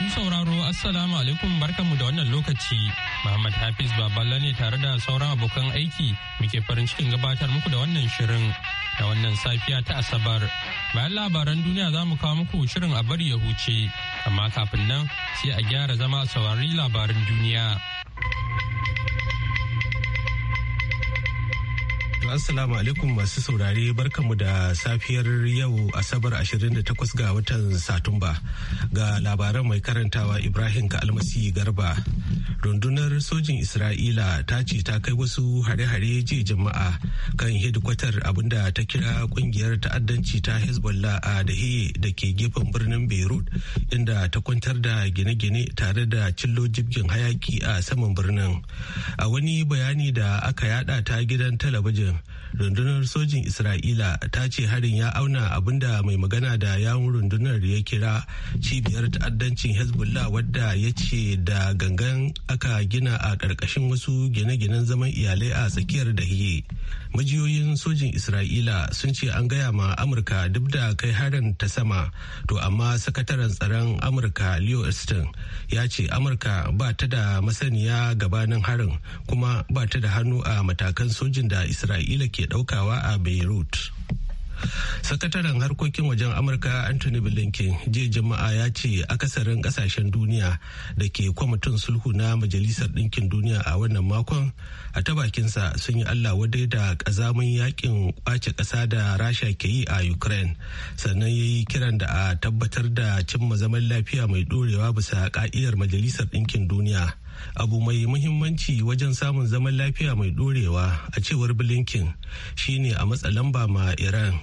Masu sauraro Assalamu alaikum barkanmu da wannan lokaci. Muhammad Hafiz Baballa ne tare da sauran abokan aiki muke farin cikin gabatar muku da wannan shirin da wannan safiya ta Asabar. Bayan labaran duniya za mu kawo muku shirin a bari ya huce, amma kafin nan sai a gyara zama a saurari labaran duniya. assalamu alaikum masu saurare barkamu da safiyar yau asabar 28 ga watan satumba ga labaran mai karantawa Ibrahim ga Almasi Garba. Rundunar sojin Isra'ila ta ce ta kai wasu hare-hare jiya jama'a kan hedikwatar abinda ta kira kungiyar ta'addanci ta Hezbollah a Dahe da ke gefen birnin Beirut inda ta kwantar da gine-gine tare da cillo jibgin hayaki a saman birnin. A wani bayani da aka yada ta gidan talabijin rundunar sojin isra'ila ta ce harin ya auna abinda mai magana da yawun rundunar ya kira cibiyar ta'addancin hezbollah wadda ya ce da gangan aka gina a ƙarƙashin wasu gine-ginen zaman iyalai a tsakiyar dahiye majiyoyin sojin isra'ila sun ce an gaya ma amurka duk da kai harin ta sama to amma sakataren tsaron amurka leo Austin ya ce amurka ba ta da masaniya gabanin harin kuma ba ta da hannu a matakan sojin da isra'ila ke daukawa a beirut sakataren harkokin wajen amurka anthony blinken jiya jama'a ya ce akasarin kasashen duniya da ke kwamitin sulhu na majalisar ɗinkin duniya a wannan makon a ta bakinsa sun yi allah wadai da ƙazamin yakin kwace ƙasa da rasha ke yi a ukraine sannan ya yi kiran da a tabbatar da cimma zaman lafiya mai ɗorewa bisa ƙa'idar majalisar ɗinkin duniya abu mai muhimmanci wajen samun zaman lafiya mai ɗorewa a cewar blinken shine a matsa lamba ma iran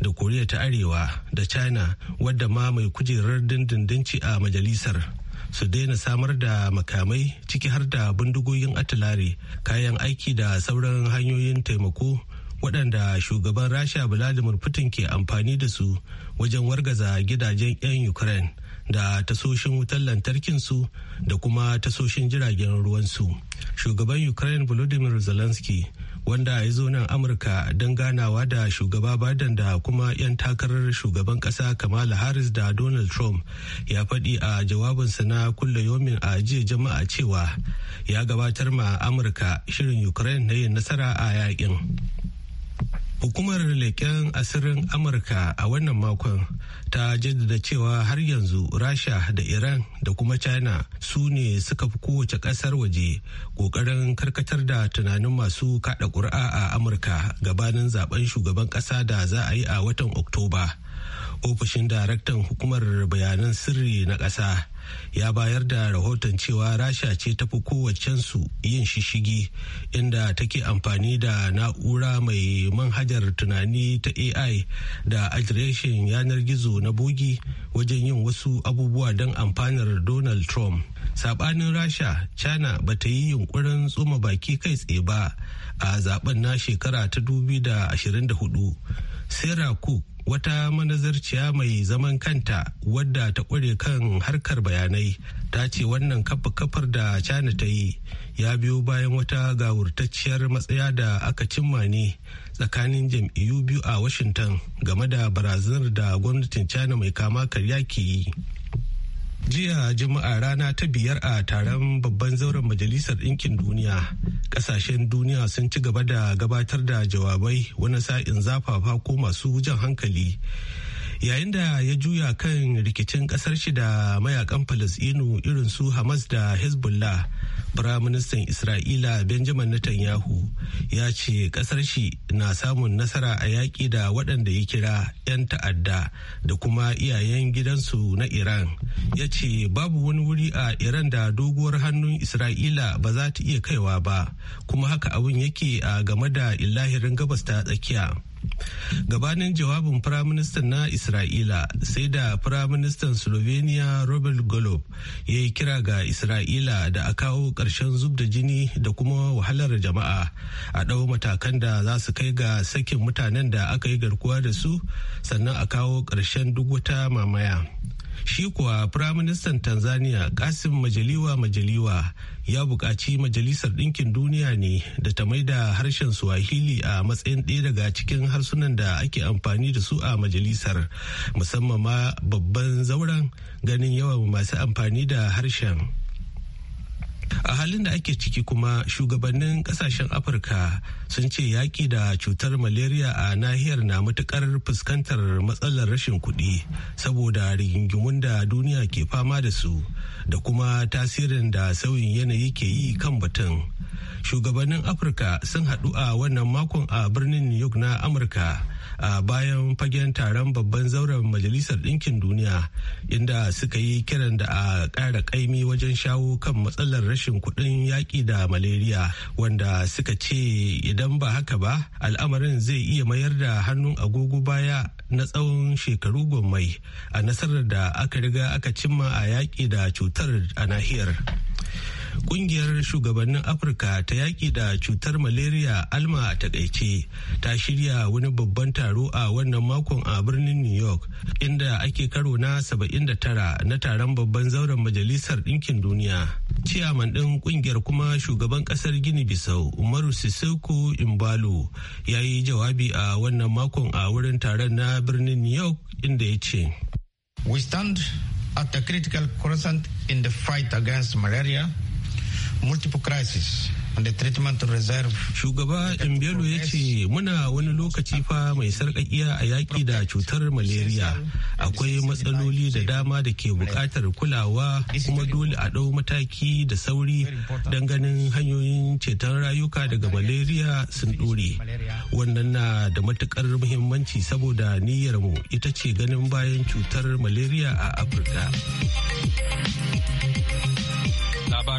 da koriya ta arewa da china wadda ma mai kujerar dindindinci a majalisar su daina samar da makamai ciki har da bindigogin atilare kayan aiki da sauran hanyoyin taimako waɗanda shugaban rasha vladimir putin ke amfani da su wajen wargaza gidajen 'yan ukraine da tasoshin wutar lantarkinsu da kuma tasoshin jiragen ruwansu shugaban ukraine volodymyr zelensky wanda ya zo nan amurka don ganawa da shugaba biden da kuma 'yan takarar shugaban kasa kamala harris da donald trump ya faɗi a jawabinsa na kulle yomin a jiya jama'a cewa ya gabatar ma amurka shirin ukraine na yin nasara a yakin. Hukumar leƙen asirin Amurka a wannan makon ta jaddada cewa har yanzu Rasha da Iran da kuma China su ne suka fi kowace ƙasar waje ƙoƙarin karkatar da tunanin masu kaɗa ƙuri'a a Amurka gabanin zaben shugaban ƙasa da za a yi a watan Oktoba. Ofishin daraktan hukumar bayanan sirri na ƙasa. ya bayar da rahoton cewa rasha ce ta fi kowacensu yin shishigi inda take amfani da na'ura mai manhajar tunani ta ai da adireshin yanar gizo na bogi wajen yin wasu abubuwa don amfanar donald trump sabanin rasha china ba ta yi yunkurin tsoma baki kai tsaye ba a zaben na shekara ta 2024 sarah cook wata manazarciya mai zaman kanta wadda ta kware kan harkar bayanai ta ce wannan kafa kafar da china ta yi ya biyo bayan wata gawurtacciyar matsaya da aka cimma ne tsakanin jam'iyyu biyu a washington game da barazanar da gwamnatin china mai kama karya ke yi jiya juma'a rana ta biyar a taron babban zauren majalisar ɗinkin duniya ƙasashen duniya sun ci gaba da gabatar da jawabai wani sa'in zafafa ko masu jan hankali yayin da ya juya kan rikicin kasar shi da mayakan falasɗinu irin su hamas da hezbollah firaministan isra'ila benjamin netanyahu ya ce kasar shi na samun nasara a yaƙi da waɗanda ya kira 'yan ta'adda da kuma iyayen gidansu na iran ya ce babu wani wuri a iran da doguwar hannun isra'ila ba za ta iya kaiwa ba kuma haka abin yake a game da ilahirin gabas ta tsakiya gabanin jawabin firaministan na isra'ila sai da firaministan slovenia robert golob ya yi kira ga isra'ila da a kawo ƙarshen zub da jini da kuma wahalar jama'a a ɗau matakan da za su kai ga sakin mutanen da aka yi garkuwa da su sannan a kawo ƙarshen duk wata mamaya Shi kuwa Firaministan Tanzania Kasim Majaliwa Majaliwa ya buƙaci Majalisar Ɗinkin Duniya ne da ta maida harshen Swahili a matsayin ɗaya daga cikin harsunan da ake amfani da su a majalisar, musamman ma babban zauren ganin yawan masu amfani da harshen. a halin da ake ciki kuma shugabannin kasashen afirka sun ce yaƙi da cutar malaria a nahiyar na matukar fuskantar matsalar rashin kuɗi saboda rigingimun da duniya ke fama da su da kuma tasirin da sauyin yanayi ke yi kan batun shugabannin afirka sun haɗu a wannan makon a birnin new york na amurka a bayan fagen taron babban zauren majalisar ɗinkin duniya inda suka yi kiran da a ƙara ƙaimi wajen shawo kan matsalar rashin kuɗin yaƙi da malaria wanda suka ce idan ba haka ba al'amarin zai iya mayar da hannun agogo baya na tsawon shekaru gwammai a nasarar da aka riga aka cimma a yaƙi da cutar a nahiyar. Kungiyar shugabannin Afirka ta yaki da cutar malaria alma a takaice ta shirya wani babban taro a wannan makon a birnin New York inda ake karo na 79 na taron babban zauren majalisar ɗinkin duniya. Ciyaman ɗin kungiyar kuma shugaban ƙasar Gini Bisau Umaru sisoko Imbalo ya yi jawabi a wannan makon a wurin taron na birnin New York inda ya ce. We stand at a critical crescent in the fight against malaria multiple crisis and the treatment reserve. Shugaba Embelo ya ce muna wani lokaci fa mai sarƙaƙiya a yaƙi da cutar malaria akwai matsaloli da dama da ke buƙatar kulawa kuma dole a ɗau mataki da sauri don ganin hanyoyin ceton rayuka daga malaria sun ɗore. Wannan na da matuƙar muhimmanci saboda niyyar mu ita ce ganin bayan cutar malaria a Afirka.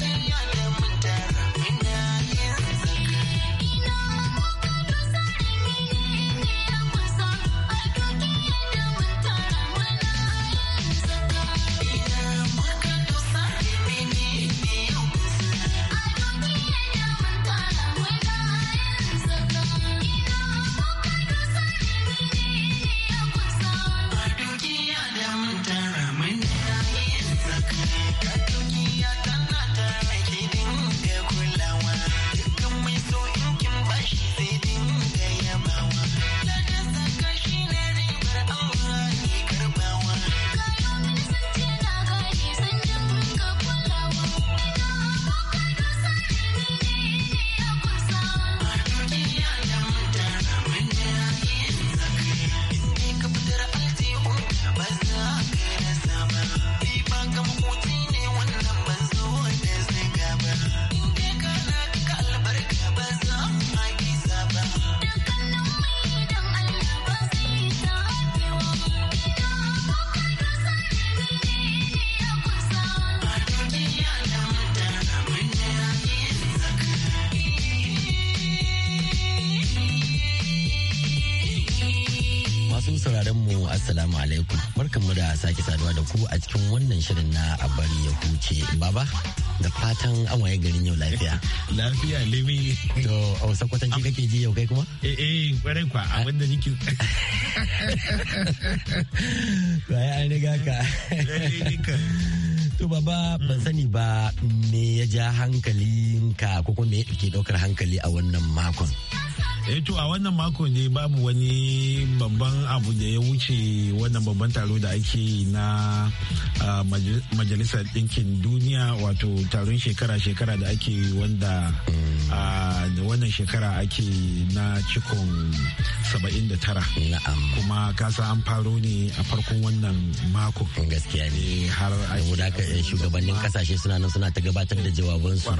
Yeah. ku a cikin wannan shirin na a bari ya huce baba da fatan an waye garin yau lafiya lafiya limi to a wasu kwatanci kake ji yau kai kuma eh eh kwarai kwa abin da nake ai an riga ka To baba ban sani ba me ya ja hankalinka ko kuma me ke daukar hankali a wannan makon. eh to a wannan mako ne babu wani babban abu da ya wuce wannan babban taro da ake na majalisar ɗinkin duniya wato taron shekara-shekara da ake wanda da wannan shekara ake na cikon 79 kuma kasa an faro ne a farkon wannan mako gaskiya ne eh, har eh, shugabannin kasashe suna nan suna ta gabatar da jawabansu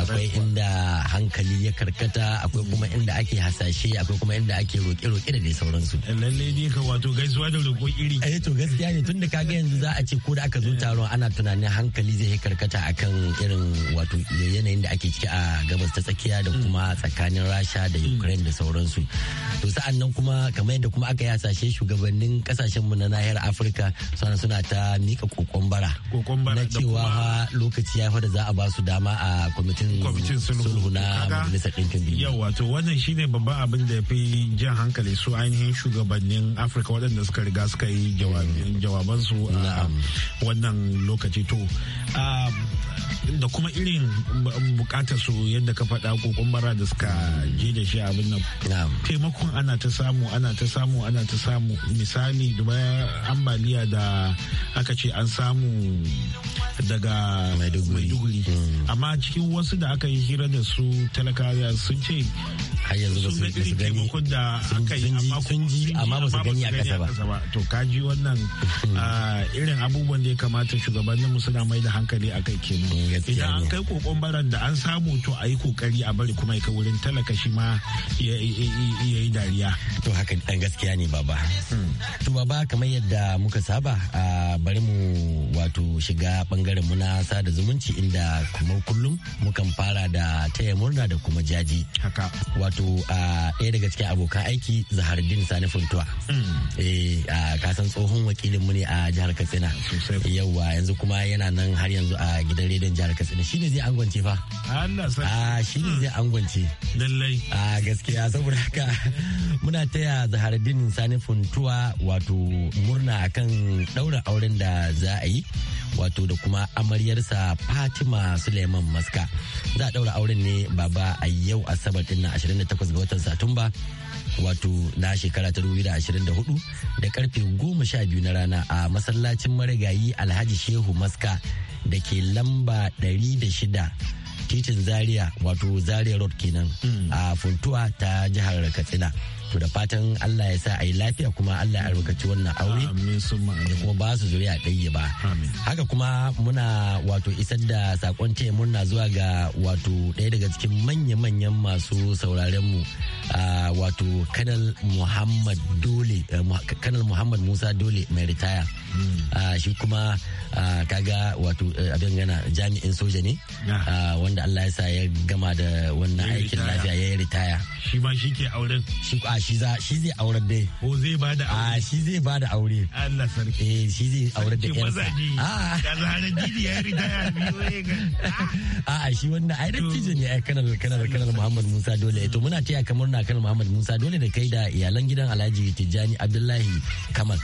akwai inda hankali ya karkata akwai kuma inda ake hasashe akwai kuma yadda ake roƙe-roƙe da dai sauransu. Lalle ne ka wato gaisuwa da roƙo iri. Eh to gaskiya ne tunda kaga yanzu za a ce ko da aka zo eh. taron ana tunanin hankali zai karkata akan irin wato yanayin da ake ciki a gabas ta tsakiya da mm. kuma tsakanin Rasha da mm. Ukraine da sauransu. To sa'an nan kuma kamar yadda kuma aka yi hasashe shugabannin kasashen mu na nahiyar Afirka suna suna ta mika kokon bara. Kokon bara da cewa lokaci ya fa za a ba su dama a kwamitin sulhu na majalisar ɗinkin Yau wato wannan shine babban abin da ya fi jan hankali su ainihin shugabannin afirka waɗanda suka riga suka yi jawabansu a wannan lokaci to da kuma irin bukatar su yadda ka faɗa ko kumbara da suka je da shi abin nan taimakon ana ta samu ana ta samu ana ta samu misali da ambaliya da aka ce an samu daga maiduguri hmm. amma cikin wasu da aka yi hira da su talakawa sun ce sun ji amma ba su gani a kasa ba to kaji wannan ah, irin abubuwan da ya kamata shugabannin mu suna mai da hankali a kai kenan mu idan an kai kokon baran da an samu to a yi kokari a bari kuma ka wurin talaka shi ma ya yi dariya to haka dan gaskiya ne baba hmm. to baba kamar yadda muka saba a bari mu wato shiga bangaren mu na sada zumunci inda kuma kullum mukan fara da taya murna da kuma jaji haka wato a ɗaya daga cikin abokan aiki zaharuddin sani funtuwa hmm. eh kasan tsohon wakilin mu ne a jihar katsina yauwa yanzu kuma yana nan har yanzu a gidan shaidan jihar katsina ne zai angwance fa Allah sai ah zai angwance lallai ah gaskiya saboda haka muna taya Zaharuddin Sani Funtuwa wato murna akan daura auren da za a yi wato da kuma amaryarsa Fatima Suleiman Maska za a daura auren ne baba a yau Asabar din 28 ga watan Satumba wato na shekara ta 2024 da karfe 12 na rana a masallacin marigayi alhaji shehu maska da ke lamba 106 titin zaria wato zaria road kenan hmm. a funtuwa ta jihar katsina to da fatan Allah ya sa a yi lafiya kuma Allah ya albarkaci wannan aure ya kuma ba su zuriya ɗaya ba haka kuma muna wato isar da sakon taya murna zuwa ga wato ɗaya daga cikin manya-manyan masu sauraren mu wato kanal Muhammad Dole eh, kanal Muhammad Musa Dole mai ritaya Ah, shi kuma ah, kaga wato eh, abin yana jami'in soja ne ah, wanda Allah ya sa ya gama da wannan aikin lafiya ya yi ritaya shi ma shi ke auren shi a shi za shi zai auren dai ko zai ba da aure a shi zai ba da aure Allah sarki eh shi zai auren da yansa a da zaran didi ya ritaya a a shi wannan ai dattijo ne ai kanal kanal kanal Muhammad Musa dole eh, to muna taya kamar na kanal Muhammad Musa dole da kai da iyalan gidan Alhaji Tijjani Abdullahi Kamal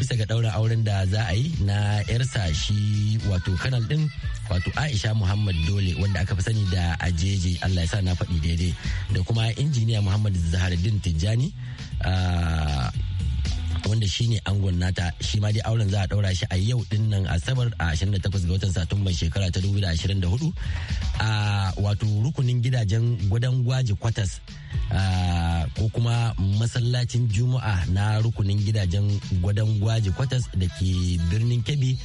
bisa ga daura auren da za a yi na yarsa shi wato kanal din wato aisha muhammad dole wanda aka fi sani da ajeje allah ya sa na faɗi daidai da kuma injiniya muhammad zaharuddin tijjani wanda shi ne angon nata shi ma dai auren za a ɗaura shi a yau din nan asabar a 28 ga watan satumban shekara ta 2024 a wato rukunin gidajen gudan gwaji kwatas ko kuma masallacin juma'a na rukunin gidajen gwadon gwaji kwatas da ke birnin kebbi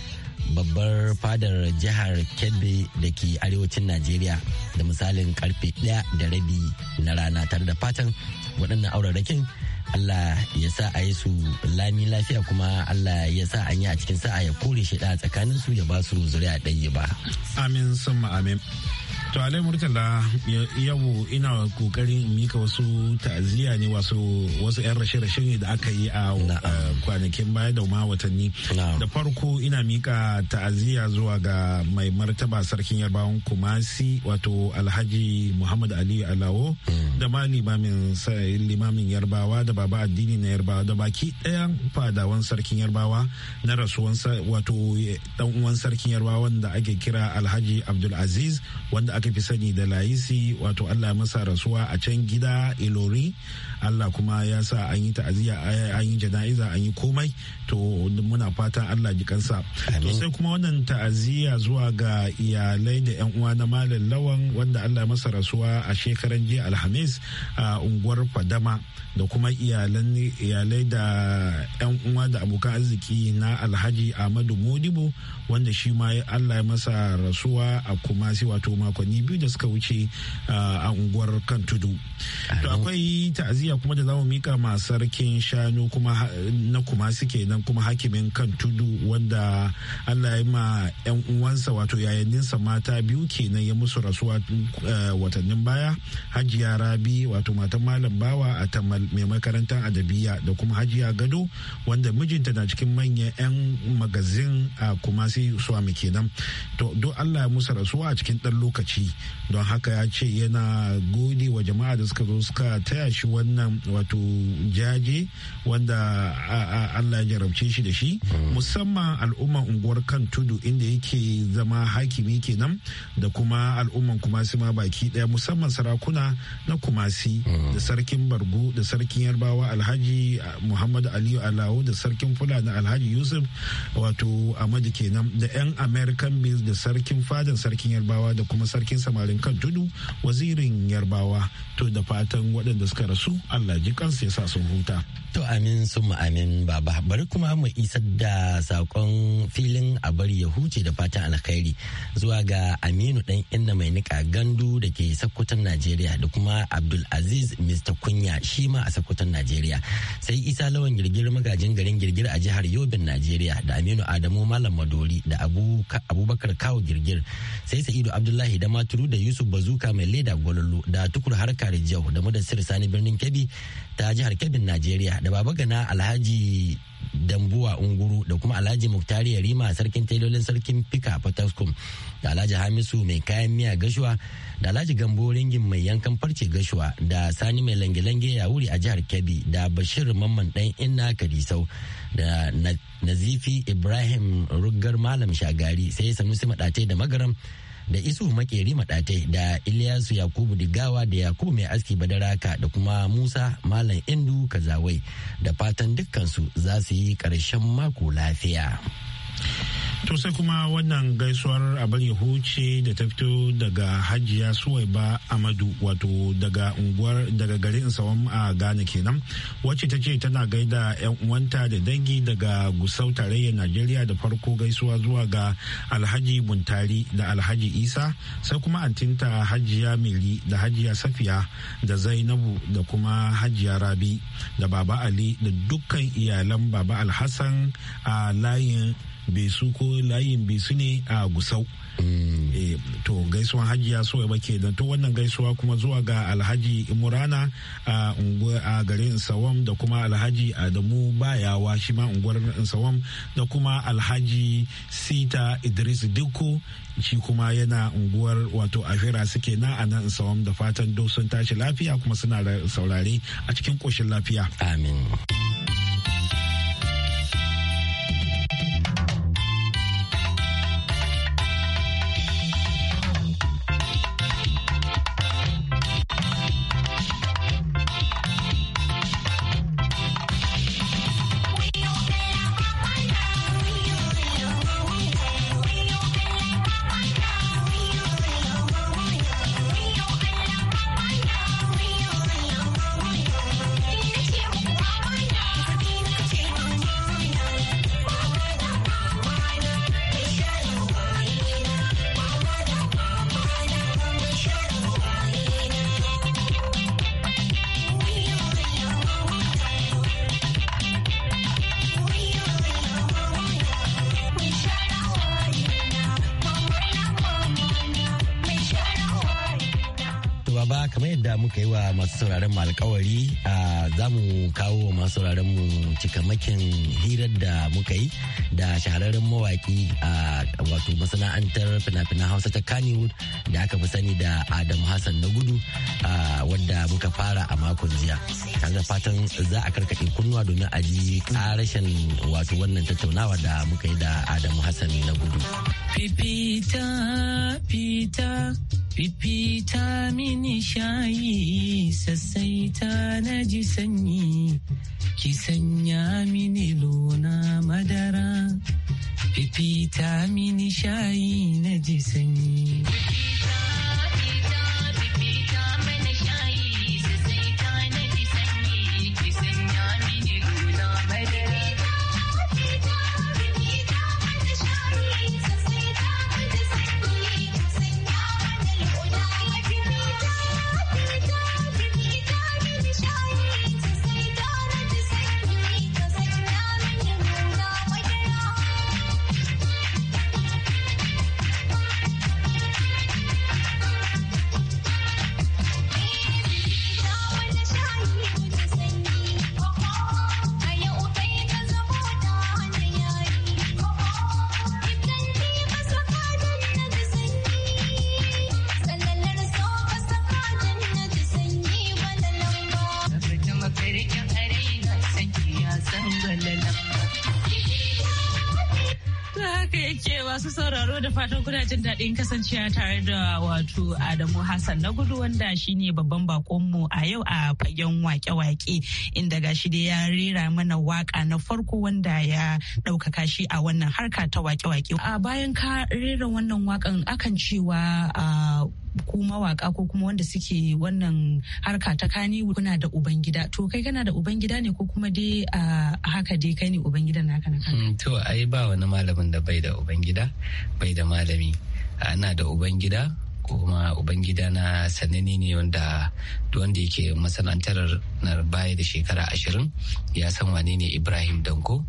babbar fadar jihar kebbi da ke arewacin najeriya da misalin karfe 1 da rabi na rana tare da fatan waɗannan aurarakin allah ya sa a yi su lami lafiya kuma allah ya sa an yi a cikin sa'a ya kore shi tsakaninsu tsakanin su ya ba su zuriya ɗaya ba amin sun amin to alai murtala yau ina kokarin mika wasu ta'aziyya ne wasu wasu yan rashe-rashe ne da aka yi a kwanakin baya da ma watanni da farko ina mika ta'aziyya zuwa ga mai martaba sarkin yarbawan kumasi wato alhaji muhammad ali alawo hmm. da ma limamin limamin yarbawa da baba addini na yarbawa da baki ɗaya fadawan sarkin yarbawa na rasuwan wato dan uwan sarkin yarbawa wanda ake kira alhaji Abdul Aziz wanda aka fi sani da layisi wato allah masa rasuwa a can gida ilori allah kuma ya sa an yi ta'aziyya an yi jana'iza an yi komai to muna fatan allah ji kansa to sai kuma wannan ta'aziyya zuwa ga iyalai da yan uwa na malam lawan wanda allah masa rasuwa a shekaran jiya alhamis a unguwar fadama da kuma iyalai da yan uwa da abokan arziki na alhaji ahmadu modibo wanda shi ma allah masa rasuwa a kumasi wato makon watanni biyu da suka wuce a unguwar kan tudu to akwai ta'aziyya kuma da zamu mika ma sarkin shanu kuma na kuma suke nan kuma hakimin kan tudu wanda Allah ya ma yan uwansa wato yayanninsa mata biyu kenan ya musu rasuwa watannin baya hajiya rabi wato matan malam bawa a tamal mai makarantar adabiya da kuma hajiya gado wanda mijinta na cikin manyan 'yan magazin a kuma sai suwa kenan to don Allah ya musu rasuwa a cikin dan lokaci shi don haka ya ce yana gode wa jama'a da suka zo suka taya shi wannan wato jaje wanda allah ya jarabce shi da shi mm. musamman al'umman unguwar kan tudu inda yake zama hakimi kenan da kuma al'umman kumasi ma baki daya musamman sarakuna na kumasi mm. da sarkin bargu da sarkin yarbawa alhaji muhammadu aliyu alawo da sarkin fulani alhaji yusuf wato amadu kenan da 'yan american bills da sarkin fadan sarkin yarbawa da kuma sarkin sarkin samarin kan tudu wazirin yarbawa to da fatan waɗanda suka rasu allah ji kansu ya sa sun huta to amin mu amin baba bari kuma mu isar da sakon filin a bari ya huce da fatan alkhairi zuwa ga aminu dan inna mai nika gandu da ke sakkwatar najeriya da kuma abdul aziz mr kunya shi ma a sakkwatar najeriya sai isa lawan girgir magajin garin girgir a jihar yobin najeriya da aminu adamu malam madori da abubakar kawo girgir sai sa'idu abdullahi da Damaturu da Yusuf Bazuka mai leda gwalolo da tukur harkar jau da madasir Sani birnin Kebbi ta jihar Kebbin Najeriya da Baba Gana Alhaji Dambuwa Unguru da kuma Alhaji Muktari Yarima sarkin tailolin sarkin Fika Fataskum da Alhaji Hamisu mai kayan miya gashuwa da Alhaji Gambo ringin mai yankan farce gashuwa da Sani mai lange-lange ya wuri a jihar Kebbi da Bashir Mamman dan Inna Kadisau da Nazifi Ibrahim rugar Malam Shagari sai Sanusi Madatai da Magaram da isu makeri madate da ilyasu yakubu digawa da yakubu mai aski badaraka da kuma musa malam indu kazawai da fatan dukkansu za su yi ƙarshen mako lafiya To sai kuma wannan gaisuwar abin huce da ta fito daga hajiya suwaiba amadu wato daga unguwar daga garin sawam a ghana kenan wacce ta ce tana gaida yan uwanta da dangi daga gusau tarayyar najeriya da farko gaisuwa zuwa ga alhaji buntari da alhaji isa sai kuma antinta hajiya meli da hajiya safiya da zainabu da kuma hajiya rabi da baba ali da dukkan iyalan baba alhassan a layin su ko layin su ne a gusau mm. eh, to gaisuwan hajiya so ba ke to wannan gaisuwa kuma zuwa ga alhaji murana a a garin sawam da kuma alhaji adamu bayawa shi ma unguwar sawam da kuma alhaji sita idris dukko shi kuma yana unguwar wato afira suke na a nan sawam da fatan sun tashi lafiya kuma suna saurare a cikin koshin lafiya amin gaba kamar yadda muka yi wa masu sauraron mu alkawari za mu kawo wa masu sauraron mu cikamakin hirar da muka yi da shahararren mawaki a wato masana'antar fina-finan hausa ta kannywood da aka fi sani da adamu hassan na gudu wadda muka fara a makon jiya da fatan za a karkaɗe kunnuwa domin a ji ƙarashin wato wannan tattaunawa da muka yi da adamu hassan na gudu fita fifita mini shayi sassaita na ji sanyi ki sanya mini lona madara fifita mini shayi na ji sanyi fatan kuna jin daɗin kasancewa tare da wato Adamu Hassan na gudu wanda shine babban bakon a yau a fagen wake-wake inda gashi da ya rera mana waka na farko wanda ya ɗaukaka shi a wannan harka ta wake-wake. A bayan ka rera wannan wakan akan cewa ku waka ko kuma wanda suke wannan harka ta kani kuna da ubangida to kai kana da ubangida ne ko kuma dai a haka dai kai ne ubangidan naka na kanka mm, to ai ba wani malamin da bai da ubangida bai da malami ana da ubangida kuma ubangida na sanani ne wanda wanda yake masana'antar na baya da shekara ashirin ya san wane ne ibrahim danko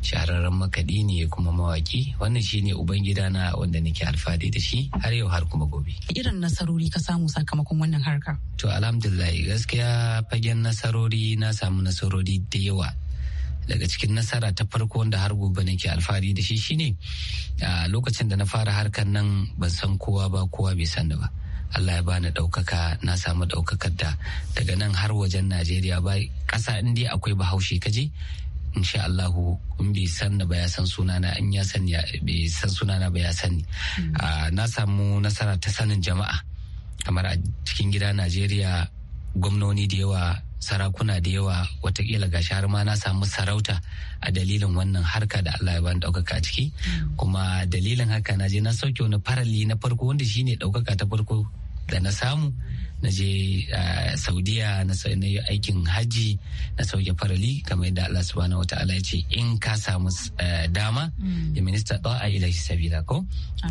shahararren makaɗi ne kuma mawaki wannan shine ubangida na wanda nake alfadi da shi har yau har kuma gobe irin nasarori ka samu sakamakon wannan harka to alhamdulillah gaskiya fagen nasarori na samu nasarori da yawa daga cikin nasara ta farko wanda har gobe nake alfahari da shi shine a lokacin da na fara harkar nan ban san kowa ba kowa bai sani ba Allah ya bani ɗaukaka na samu daukakar da daga nan har wajen Najeriya ba kasa in akwai bahaushe kaje insha Allah in bai san ba ya san sunana in ya san bai san sunana ba ya sani hmm. na samu nasara ta sanin jama'a kamar a cikin gida Najeriya gwamnoni da yawa sarakuna da yawa watakila gashi har ma na samu sarauta a dalilin wannan harka da Allah ya bani ɗaukaka ciki kuma dalilin haka na je na sauke wani farali na farko wanda shine ɗaukaka ta farko da na samu na je saudiya na yi aikin hajji na sauke farali kamar yadda Allah subhanahu wataala ya ce in ka samu dama mm. ya minista ɗa'a ilahi Sabida ko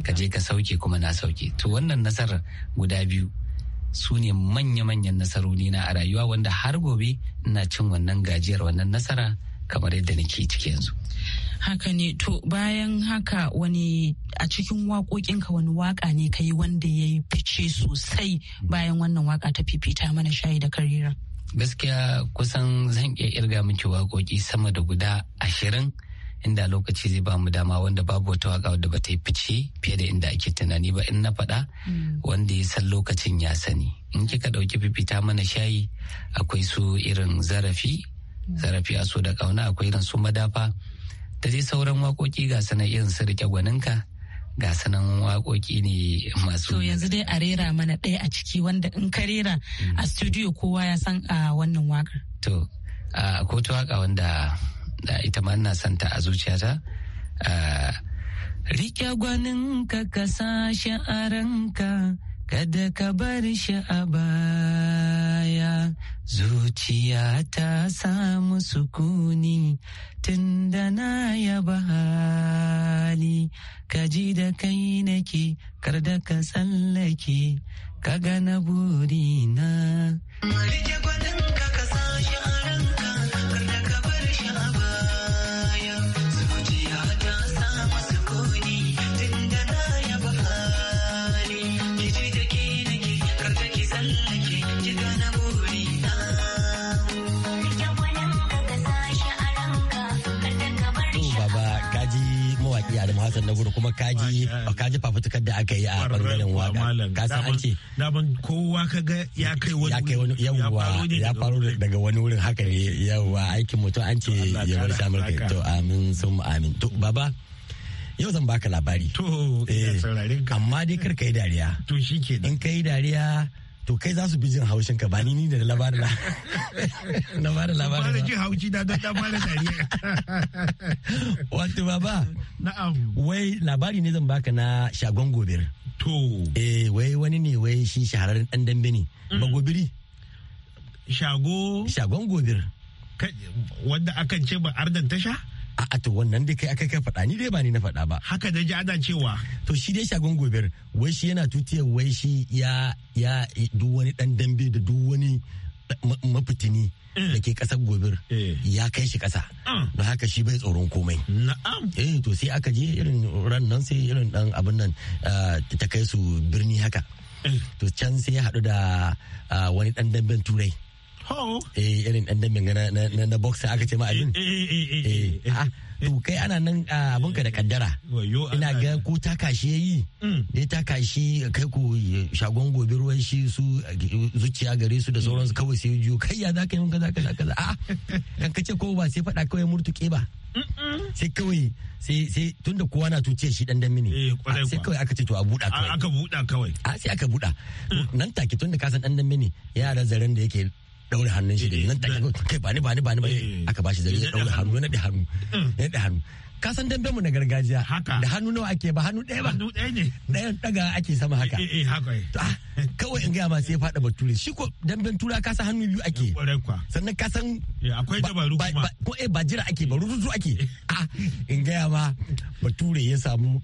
ka je ka sauke kuma na sauke to wannan nasarar guda biyu su ne manya-manyan nasarori na a rayuwa wanda har gobe ina cin wannan gajiyar wannan nasara kamar yadda nake ciki yanzu. Haka ne to bayan haka wani a cikin waƙoƙinka wani waƙa ne ka yi wanda ya yi fice sosai bayan wannan waƙa ta fifita mana shayi da karira. Gaskiya kusan zan iya irga miki waƙoƙi sama da guda ashirin inda lokaci zai ba mu dama wanda babu wata waka wadda ba ta yi fice fiye da inda ake tunani ba in na faɗa mm. wanda ya san lokacin ya sani in kika ɗauki fifita mana shayi akwai su irin zarafi mm. zarafi a so da ƙauna akwai irin su madafa da dai sauran wakoki ga sanar irin su rike gwaninka ga sanan waƙoƙi ne masu to yanzu dai a rera mana ɗaya a ciki wanda in ka rera a mm. studio kowa ya san a ah, wannan waƙar to ah, ko ta waƙa wanda ita ma ina son ta a zuciyata Rike gwaninka ka sa shi a kada ka bar shi a baya. Zuciya ta samu sukuni tun da na yaba hali, ka ji da kai nake, kar da ka tsallake, ka gana burina. Rike gwaninka kuma kaji oh, kaji fafutukar da aka yi a ɓangaren waka ka san an ce daman kowa ga ya kai wani yawwa ya faru daga wani wurin haka ne yawwa aikin mutum an ce ya bar samar kai to amin sun amin to baba yau zan baka labari to eh, amma dai kar ka yi dariya to shike in ka yi dariya to kai za su bi jin haushin ka ba ni ni da labarin na na ba da labarin ba jin haushi da dan ba da dariya wato baba na'am wai labari ne zan baka na shagon gobir to eh wai wani ne wai shi shahararren dan dambe ne mm. ba gobiri shago shagon gobir wanda akan ce ba ardan tasha a'a to wannan da kai aka kai faɗa ni dai ba ni na faɗa ba haka da jada cewa to shi dai shagon gobe wai shi yana tutiya wai shi ya ya duk wani dan dambe da duk wani mafitini eh. da ke kasar gobir eh. ya kai shi kasa ah. da haka shi bai tsoron komai na'am eh to sai aka je irin ran nan sai irin dan abin nan ah, ta kai su birni haka eh. to can sai ya haɗu da ah, wani dan damben turai eh irin dan damin na na na boxer aka ce ma abin eh, eh, eh, eh ah, to kai ana nan ah, abun ka da kaddara ina ga ko ta kashi yayi ne mm. ta kashi kai ko shagon gobe ruwan shi su zuciya gare su da sauransu mm. kawai sai juyo kai ya zaka yi mun kaza kaza kaza a'a ah, kan kace ko ba sai fada kawai murtuke ba sai kawai sai sai tunda kowa na tuce shi dan dambe ne sai kawai aka ce to a buɗa kawai aka buɗa kawai sai aka buɗa mm. nan take tunda kasan dan dambe ne yara zaren da yake daure hannun shi da eh, nan kai ba ni ba ni ba ni ba eh, eh. aka bashi zare ya daure hannu na da hannu mm. ne da hannu ka san dambe mu na gargajiya da hannu nawa ake ba hannu ɗaya ba hannu ɗaya ne ɗayan daga ake sama haka eh haka ah, kawai in gaya ma sai faɗa bature shi ko damben tura ka san hannu biyu ake sannan ka san akwai dabaru kuma ko eh ba jira ake ba rurutu ake a ah, in gaya ma bature ya samu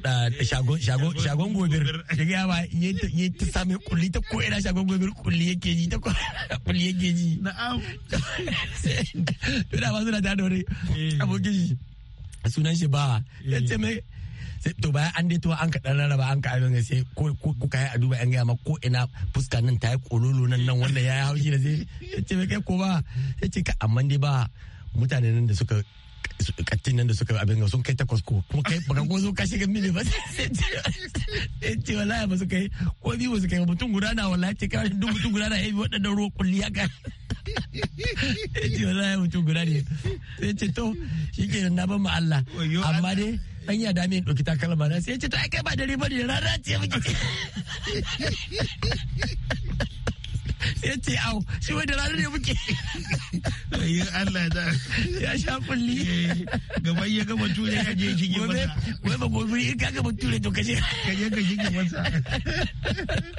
shagon gobir da ga ba ya ta sami kulli ta ko ina shagon gobir kulli yake ji ta kulli yake ji na'am to da ba suna ta da eh. abokin shi sunan shi ba ya ce eh. mai sai to bayan an daito an kaɗan dan rarraba an ka abin sai ko ko kai a duba an gaya ma ko ina fuska nan ta yi kololo nan nan wanda ya yi haushi da sai ya ce mai kai ko ba ya ce ka amma dai ba mutanen nan da suka kattin nan da suka abin ga sun kai takwas ko kuma kai baka ko zo ka shiga mini ba sai ce wallahi ba su kai ko bi ba su kai mutum guda na wallahi ce kawai duk mutum guda na yayi waɗannan ruwa kulli haka sai ce wallahi mutum guda ne sai ce to shikenan na ban ma Allah amma dai dan ya dame in ɗauki takalma na sai ce to ai kai ba dare ba ne rana ce muke ya ce au shi wani da rana ne muke yin Allah da ya sha kulli eh, gaban ya gama ture ya je shige masa wai ba gobe in ka gama ture to kaje kaje ka shige masa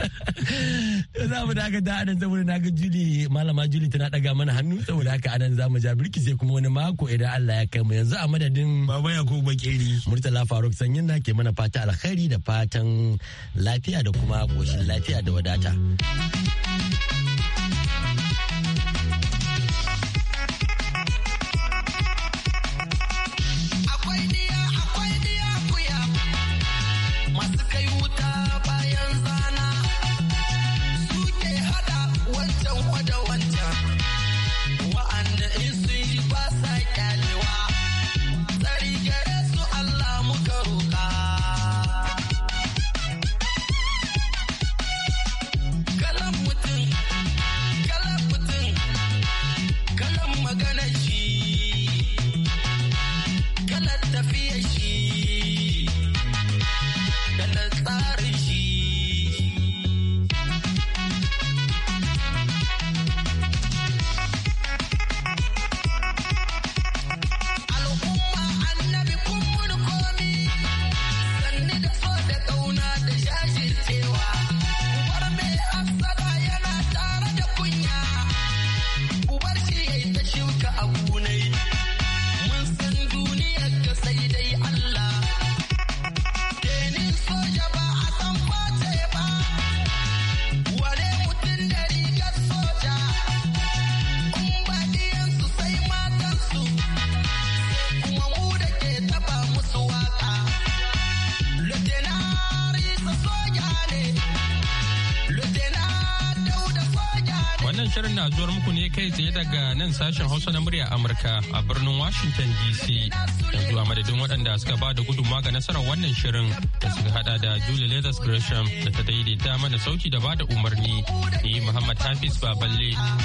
za mu da haka da anan saboda na ga Juli malama Juli tana daga mana hannu saboda haka anan za mu ja birki sai kuma wani mako idan Allah ya kai mu yanzu a madadin baba ya ko bakeri Murtala Faruk sanyin na ke mana fata alkhairi da fatan lafiya da kuma koshin lafiya da wadata. nan sashen Hausa na murya Amurka a birnin Washington DC. Yanzu a madadin waɗanda suka ba da gudunmawa ga nasarar wannan shirin da suka hada da Julie Leathers Gresham da ta daidaita mana sauki da ba da umarni. Ni Muhammad Hafiz Baballe